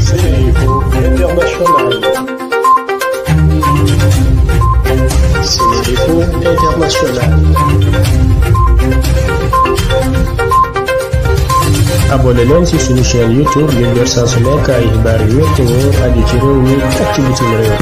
Cérébraux International. Cérébraux International. abonné leen ci suñu chaîne YouTube ngir jot saa su nekk ay xibaar yu wér te wóor ci réew mi ci réew.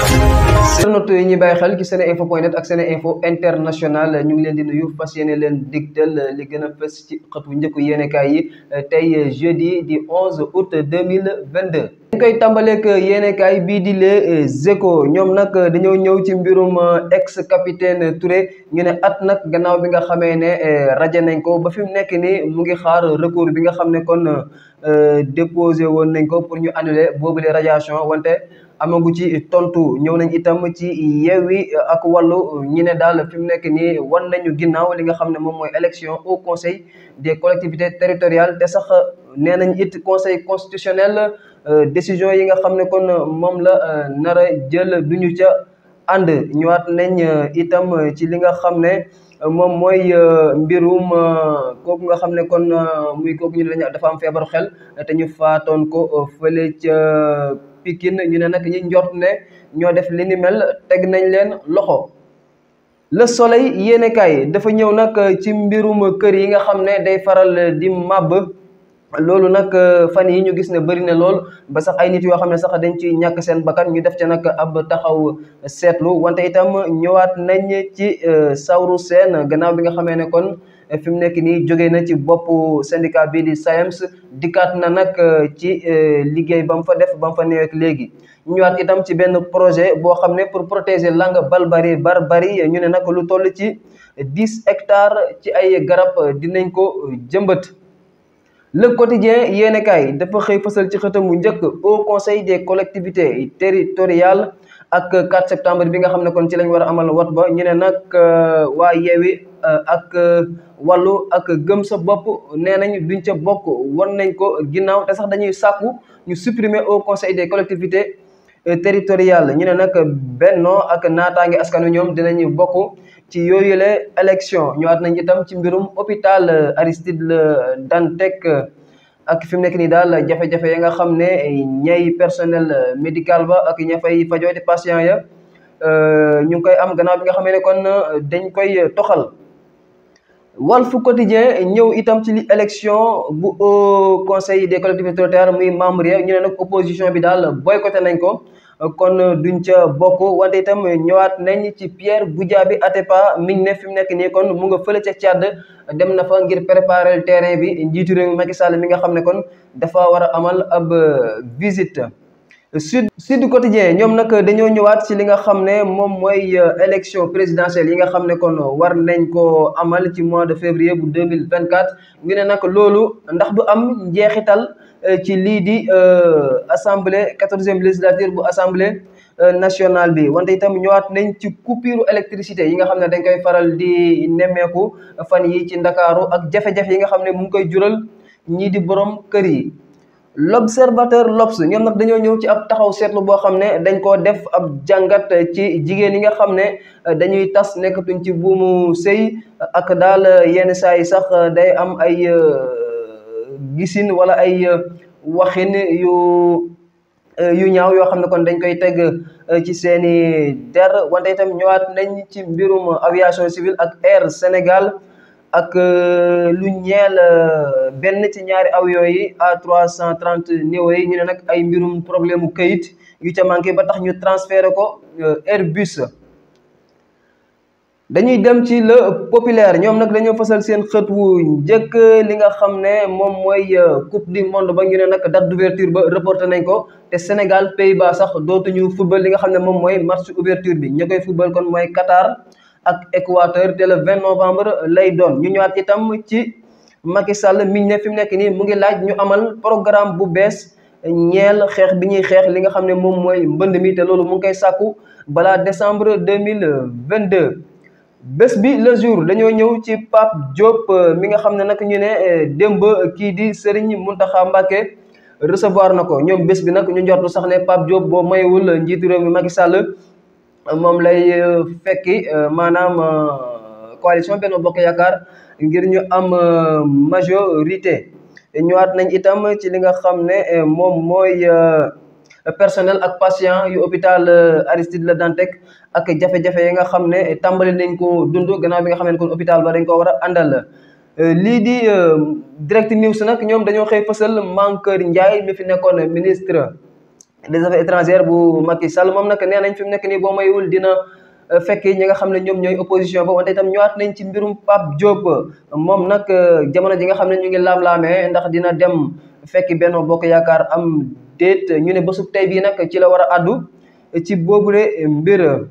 internautes yi ñuy bàyyi xel ci seneinfo point net ak seneinfo international ñu ngi leen di nuyu fas yéene leen digtal li gën a fës ci xëtu njëkku yéenekaay yi euh, tey euh, jeudi di 11 août 2022. dañ koy tàmbaleeg euh, bii di Les Échos ñoom nag dañoo ñëw ci mbirum ex capitaine Touré ñu ne at nag gannaaw bi nga xamee ne rajo nañ ko ba fi nekk nii mu ngi xaar recours bi nga xam ne. kon euh, déposé woon nañ ko pour ñu annuler boobule radiation wante amagu ci tontu ñëw nañ itam ci Yewwi ak Wallu ñi ne daal fi mu nekk ni wan nañu ginnaaw li nga xam ne moom mooy élection au conseil de collectivités territoriales de sax nee nañ it conseil constitutionnel euh, décision yi nga xam ne kon moom la euh, nar a jël duñu ca ànd ñëwaat nañ itam ci li nga xam ne moom mooy euh, mbirum euh, kooku nga xam ne kon euh, muy kooku ñu ne dafa am feebaru xel te ñu faatoon ko fële ca Pikine ñu ne nag ñi njort ne ñoo def li mel teg nañ leen loxo. le soleil yéenekaay dafa ñëw nag ci mbirum kër yi nga xam ne day faral di màbb. loolu nag euh, fan yi ñu gis ne bëri na lool ba sax ay nit yoo xam ne sax dañ ci ñàkk seen bakkan ñu def ca nag ab taxaw seetlu wante itam ñëwaat nañ ci euh, Saourou Sène gannaaw bi nga xamee ne kon euh, fi mu nekk nii jóge na ci boppu syndicat bii di SAEMS dikkaat na nag ci liggéey ba mu fa def ba mu fa néeweek léegi ñëwaat itam ci benn projet boo xam ne pour protéger bari balbari bari ñu ne nag lu toll ci dix hectares ci ay garab dinañ ko jëmbat le quotidien yéenekaay dafa xëy fësal ci xëtam bu njëkk au conseil des collectivités territoriales ak 4 septembre bi nga xam ne kon ci lañ war a amal wat ba ñu ne nag euh, waa yeewi euh, ak euh, wàllu ak gëm sa bopp nee nañ duñ ca bokk war nañ ko ginnaaw te sax dañuy sàkku ñu supprimer au conseil des collectivités territoriales ñu ne nag Benno ak naataange askan wi ñoom dinañu bokk ci yooyu le élection ñëwaat nañ itam ci mbirum hôpital euh, Aristide euh, Dantec euh, ak fi mu nekk nii daal jafe-jafe ya nga xam ne ñay personnel médical ba ak ña fay fajoo di patient ya ñu ngi koy am gannaaw bi nga xam ne kon dañ koy toxal Walf Quotidien ñëw itam ci li élection bu Haut Conseil de collectivités territoriales muy membre ya ñu ne nag opposition bi daal boycotté nañ ko kon duñ ca bokk wante itam ñëwaat nañ ci Pierre Goudiaby Atepa miñ ne fi mu nekk nii kon mu nga fële ca Tchad dem na fa ngir préparer terrain bi njiitu réew mi Sall mi nga xam ne kon dafa war a amal ab visite. sud sud quotidien ñoom nag dañoo ñëwaat ci li nga xam ne moom mooy euh, élection présidentielle yi nga xam ne kon war nañ ko amal ci mois de février bu deux mille vingt quatre ñu ne nag loolu ndax du am njeexital euh, ci lii di euh, assemblée quatorzième législature bu assemblée nationale bi wante itam ñëwaat nañ ci coupir électricité yi nga xam ne dañ koy faral di nemmeeku fan yi ci ndakaaru ak jafe-jafe yi nga xam ne mu ngi koy jural ñii di borom kër yi. l'observateur l'Obs ñoom nag dañoo ñëw ci ab taxaw seetlu boo xam ne dañ koo def ab jàngat ci jigéen yi nga xam ne euh, dañuy tas nekkatuñ ci buumu sëy ak daal euh, yenn saa yi sax euh, day am ay gisin wala ay waxin yu yu ñaaw yoo xam ne kon dañ koy teg ci seeni der wante itam ñëwaat nañ ci mbirum aviation civile ak Air Sénégal ak euh, lu ñeel euh, benn ci ñaari aw yooyu a trois cent trente néew ñu ne nag ay mbirum problème mu kayit yu ca manqué ba tax ñu transféré ko euh, Airbus dañuy dem ci la populaire ñoom nag dañoo fasal seen xët wu njëkk li nga xam ne moom mooy coupe du monde ba ñu ne nag date d'ouverture ba reporté nañ ko te Sénégal Pays-Bas sax dootuñu football li nga xam ne moom mooy match ouverture bi ña koy football kon mooy Qatar. ak Équateur te le 20 novembre lay doon ñu ñëwaat itam ci Macky Sall miñ ne fi mu nekk nii mu ngi laaj ñu amal programme bu bees ñeel xeex bi ñuy xeex li nga xam ne moom mooy mbënd mi te loolu mu ngi koy sàkku balaa décembre deux bés bi le jour dañoo ñëw ci Pape Diop euh, mi nga xam ne nak ñu ne euh, démb kii di sëriñ mun Mountakha Mbacké recevoir na ko ñoom bés bi nag ñu njortu sax ne Pape Diop boo mayewul njiitu réew mi Macky Sall moom lay euh, fekki euh, maanaam euh, coalition benn Bokk Yaakaar ngir ñu am majorité ñëwaat nañ itam ci li nga xam ne moom mooy personnel ak patient yu hôpital Aristide Le Dantec ak jafe-jafe yi nga xam ne tambali nañ ko dund gannaaw bi nga xam ne kon hôpital ba dañ ko war a àndal lii di direct news nag ñoom dañoo xëy fësal Mankeur Ndiaye mi fi nekkoon ministre des affaires étrangères bu Macky Sall moom nag nee nañ fi nekk nii boo mayul dina euh, fekk ñi nga xam ne ñoom ñooy opposition ba wante itam ñëwaat nañ ci moom nag euh, jamono ji nga xam ne ñu ngi laam-laamee ndax dina dem fekk Benno Bokk Yaakaar am déet ñu ne ba bésub tey bii nag ci la war a addu ci boobule mbir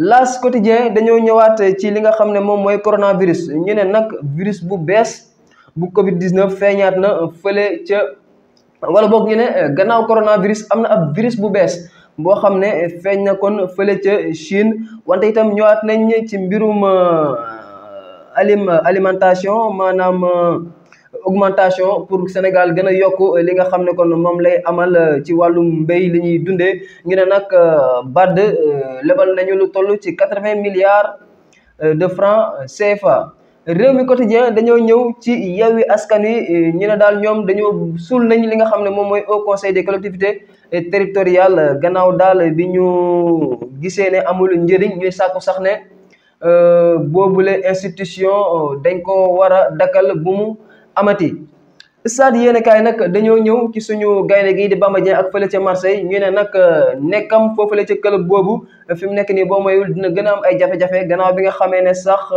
L'As Quotidien dañoo ñëwaat ci li nga xam ne moom mooy coronavirus ñu ne nag virus bu bees bu Covid 19 feeñaat na fële ca. wala boog ñu ne euh, gannaaw coronavirus am na ab virus bu bees boo xam ne euh, feeñ na kon fële ca Chine wante itam ñëwaat nañ ci mbirum euh, alim alimentation maanaam augmentation pour Sénégal gën a yokk li nga xam ne kon moom lay amal ci wàllum mbéy li ñuy dundee ñu ne nag BAD lebal nañu lu toll ci quatre-vingts milliards de francs CFA. réew mi quotidien dañoo ñëw ci Yewwi Askan Wi euh, ñu ne daal ñoom dañoo suul nañ li nga xam ne moom mooy au conseil des collectivités euh, territoriales gannaaw daal bi ñu gisee ne amul njëriñ ñuy sàkku sax ne euh, boobule institution dañ ko war a dakkal bu mu amati stade yéen kaay nag dañoo ñëw ci suñu gaynde gi di Bamba Dieng ak fële ca Marseille ñu ne nag nekkam foofu la ca club boobu fi mu nekk nii boo mooy dina gën a am ay jafe-jafe gannaaw bi nga xamee ne sax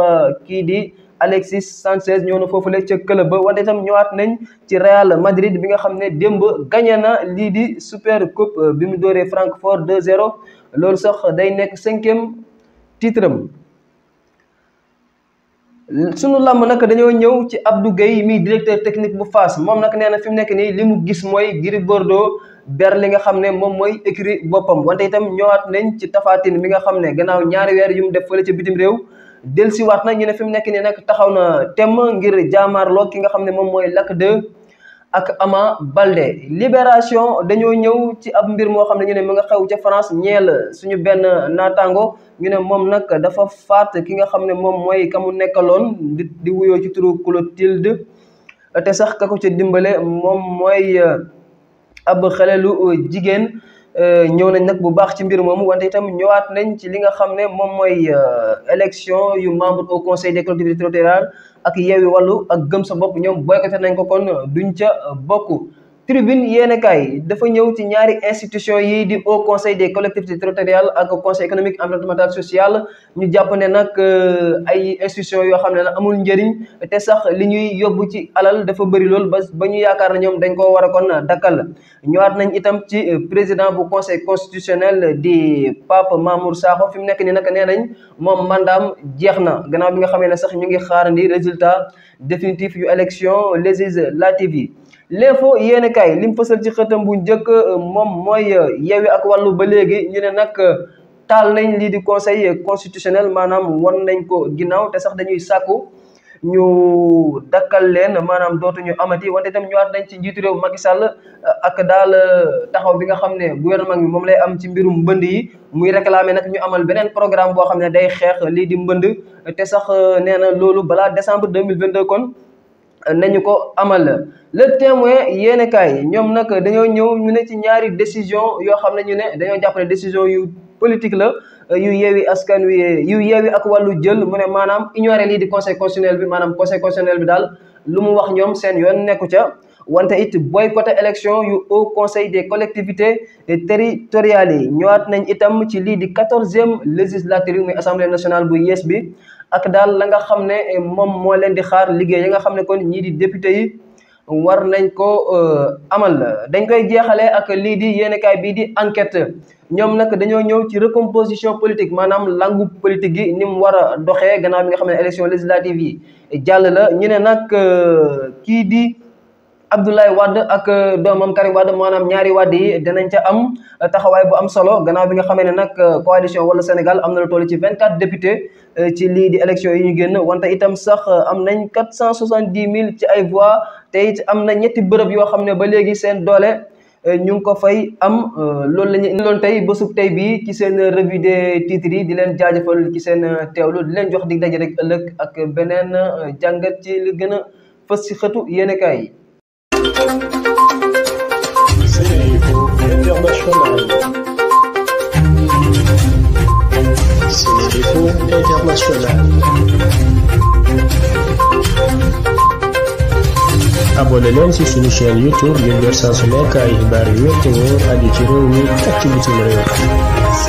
kii di Alexis Sanchez ñoo na foofu foofule ca club ba wante itam ñëwaat nañ ci Real Madrid bi nga xam ne démb gagné na lii di super coupe bi mu dooree Francfort 2-0 loolu sax day nekk cinquième titre am sunu làmb nag dañoo ñëw ci Abdou Gueye mi directeur technique bu fas moom nag nee na fi mu nekk nii li mu gis mooy Gris Bordeaux ber li nga xam ne moom mooy écrit boppam wante itam ñëwaat nañ ci Tapha bi nga xam ne gannaaw ñaari weer yu mu def fële ca bitim réew dellusiwaat na ñu ne fi mu nekk nii nag taxaw na temm ngir jaamaarloo ki nga xam ne moom mooy Lac 2 ak Ama Balde Libération dañoo ñëw ci ab mbir moo xam ne ñu ne mu nga xew ca France ñeel suñu benn naataango ñu ne moom nag dafa faat ki nga xam ne moom mooy ka mu nekkaloon di di wuyoo ci turu Clotilde te sax ka ko ca dimbale moom mooy euh, ab xelelu jigéen. Euh, ñëw nañ nag bu baax ci mbir moomu wante itam ñëwaat nañ ci li nga xam ne moom mooy euh, élection yu membre au conseil des collectivités territoriales ak Yewwi Wallu ak Gëm sa bopp ñoom boycotté nañ ko kon duñ ca bokk. tribune yéenekaay dafa ñëw ci ñaari institution yi di haut conseil des collectivités territoriales ak conseil économique environnemental social ñu jàpp ne nag euh, ay institution yoo xam ne nag amul njëriñ te sax li ñuy yóbbu ci alal dafa bëri lool ba ba ñu yaakaar ne ñoom dañ koo war a kon dakkal ñëwaat nañ itam ci euh, président bu conseil constitutionnel di Pape Mamour Sakho fi mu nekk nii nag nee nañ moom mandaam jeex na gannaaw bi nga xamee ne sax ñu ngi xaarandi résultat définitif yu élection l'info yéen kaay li lim fësal ci xëtam bu njëkk euh, moom mooy euh, Yewwi ak Wallu ba léegi ñu ne nag euh, taal nañ lii di conseil constitutionnel maanaam won nañ ko ginnaaw te sax dañuy sàkku ñu dakkal leen maanaam dootuñu amati wante ñu waat nañ ci njiitu réew Macky Sall ak daal taxaw bi nga xam ne gouvernement bi moom lay am ci mbirum mbënd yi muy réclamer nag ñu amal beneen programme boo xam ne day xeex lii di mbënd te sax nee na loolu balaa décembre deux mille vingt-deux kon nañu ko amal le témoin yéen kaay ñoom nag dañoo ñëw ñu ne ci ñaari décision yoo xam ne ñu ne dañoo jàpp ne décision yu politique la yu yeewi askan wi yu yeewi ak wàllu jël mu ne maanaam ignoré lii di conseil constitutionnel bi maanaam conseil constitutionnel bi daal lu mu wax ñoom seen yoon nekku ca wante it boycotté élection yu haut conseil des collectivités territoriales yi ñëwaat nañ itam ci lii di quatorzième législature yi muy assemblée nationale bu yees bi ak daal la nga xam ne eh, moom moo leen di xaar liggéey yi nga xam ne kon ñii di député yi war nañ ko eh, amal dañ koy jeexale ak lii di yéenekaay bii di enquête ñoom nag dañoo ñëw ci recomposition politique maanaam langu politique gi ni mu war a doxee gannaaw bi nga xam ne élection législative yi jàll la ñu ne nag eh, kii di Abdoulaye wadd ak euh, doomam Karim Wade maanaam ñaari Wade yi dinañ ca am euh, taxawaay bu am solo gannaaw bi nga xamee ne nag euh, coalition Wallu Sénégal am na lu toll ci 24 députés ci lii di élection yi ñu génn wante itam sax am nañ 470 000 ci ay voix te it am na ñetti bërëb yoo xam ne ba léegi seen doole. ñu ngi ko fay am loolu la ñu indi loon tey bésub tey bii ci seen revue des yi di leen jaajëfal ci seen teewlu di leen jox di daje rek ëllëg ak beneen jàngat ci li gën a fës ci xëtu yéenekaay yi. Sénéinfo International. Sénéinfo International. abonné YouTube yi ngir saa su nekk ay xibaar yu wér te wóor aju ci réew mi ak ci